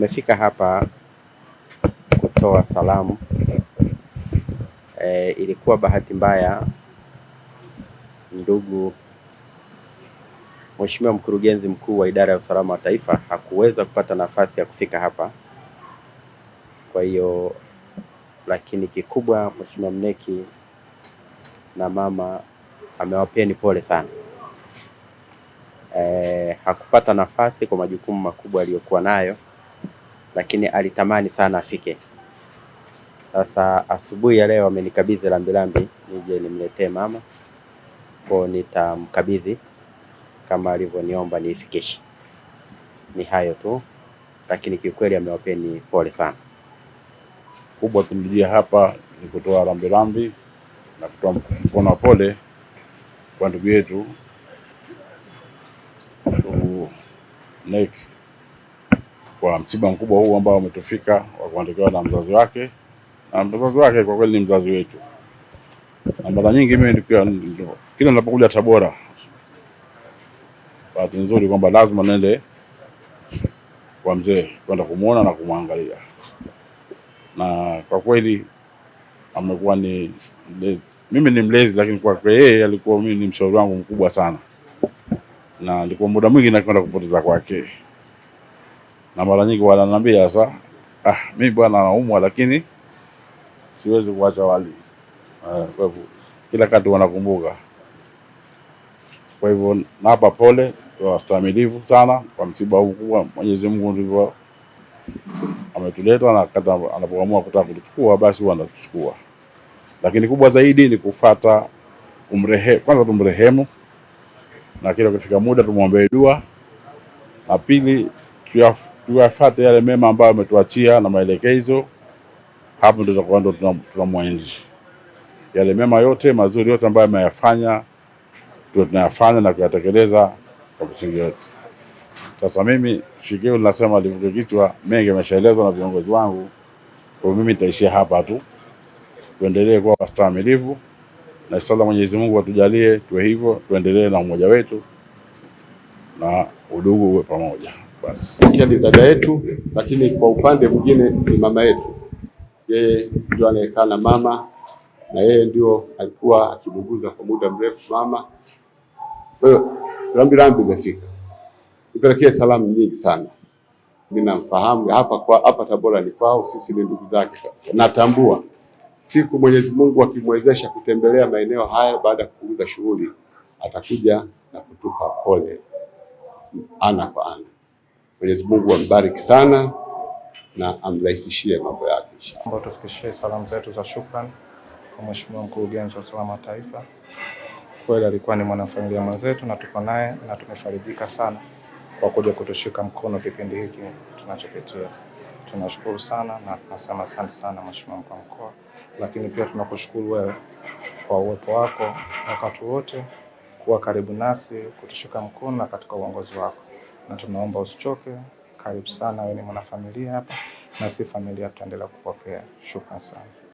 Tumefika hapa kutoa salamu e, ilikuwa bahati mbaya ndugu Mheshimiwa mkurugenzi mkuu wa idara ya usalama wa taifa hakuweza kupata nafasi ya kufika hapa. Kwa hiyo lakini kikubwa, Mheshimiwa Mneki na mama amewapeni pole sana e, hakupata nafasi kwa majukumu makubwa aliyokuwa nayo lakini alitamani sana afike. Sasa asubuhi ya leo amenikabidhi rambirambi nije nimletee mama ko, nitamkabidhi kama alivyoniomba niifikishe. Ni hayo tu, lakini kiukweli amewapeni pole sana. Kubwa tumjia hapa ni kutoa rambirambi na kutoa mkono wa pole kwa ndugu yetu Nick kwa msiba mkubwa huu ambao umetufika wa kuandikiwa na mzazi wake, na mzazi wake kwa kweli ni mzazi wetu, na mara nyingi mimi kila ninapokuja Tabora, bahati nzuri kwamba lazima nende kwa mzee kwenda kumwona na kumwangalia, na kwa kweli amekuwa ni mlezi. Mimi ni mlezi lakini kwake yeye alikuwa mimi ni mshauri wangu mkubwa sana, na alikuwa muda mwingi nakwenda kupoteza kwake na mara nyingi wananiambia sasa, ah, mimi bwana naumwa, lakini siwezi kuacha wali. Eh, kwa hivyo kila kati wanakumbuka. Kwa hivyo nawapa pole, wastamilivu sana kwa msiba huu mkubwa. Mwenyezi Mungu ndivyo ametuleta na kata anapoamua kutaka kutuchukua basi huwa anatuchukua, lakini kubwa zaidi ni kufata umrehe, kwanza tumrehemu na kila ukifika muda tumwombee dua, na pili tuyafu tuyafuate yale mema ambayo ametuachia na maelekezo. Hapo ndio tutakuwa ndo tunamwenzi yale mema yote mazuri yote ambayo ameyafanya, ndio tunayafanya na kuyatekeleza kwa msingi yote. Sasa mimi Shigeu nasema livuke kichwa, mengi ameshaelezwa na viongozi wangu, kwa mimi nitaishia hapa tu. Tuendelee kuwa wastaamilivu na sala Mwenyezi Mungu atujalie tuwe hivyo, tuendelee na umoja wetu na udugu uwe pamoja. Basi ni dada yetu, lakini kwa upande mwingine ni mama yetu. Yeye ndio anayekaa na mama na yeye ndio alikuwa akimuguza kwa muda mrefu mama. Rambirambi imefika, nipelekee salamu nyingi sana. Mimi namfahamu hapa kwa hapa Tabora ni kwao, sisi ni ndugu zake kabisa. Natambua siku Mwenyezi Mungu akimwezesha kutembelea maeneo haya baada ya kupunguza shughuli, atakuja na kutupa pole ana kwa ana. Mwenyezi Mungu ambariki sana na amrahisishie mambo yake inshallah. Tufikishie salamu zetu za shukrani kwa Mheshimiwa Mkurugenzi wa Usalama wa Taifa. Kweli alikuwa ni mwanafamilia mwenzetu na tuko naye na tumefarijika sana kwa kuja kutushika mkono kipindi hiki tunachopitia. Tunashukuru sana na tunasema asante sana Mheshimiwa mkuu wa mkoa, lakini pia tunakushukuru wewe kwa uwepo wako wakati wote, kuwa karibu nasi, kutushika mkono na katika uongozi wako na tunaomba usichoke. Karibu sana, wewe ni mwanafamilia hapa, na si familia tutaendelea kupokea. Shukrani sana.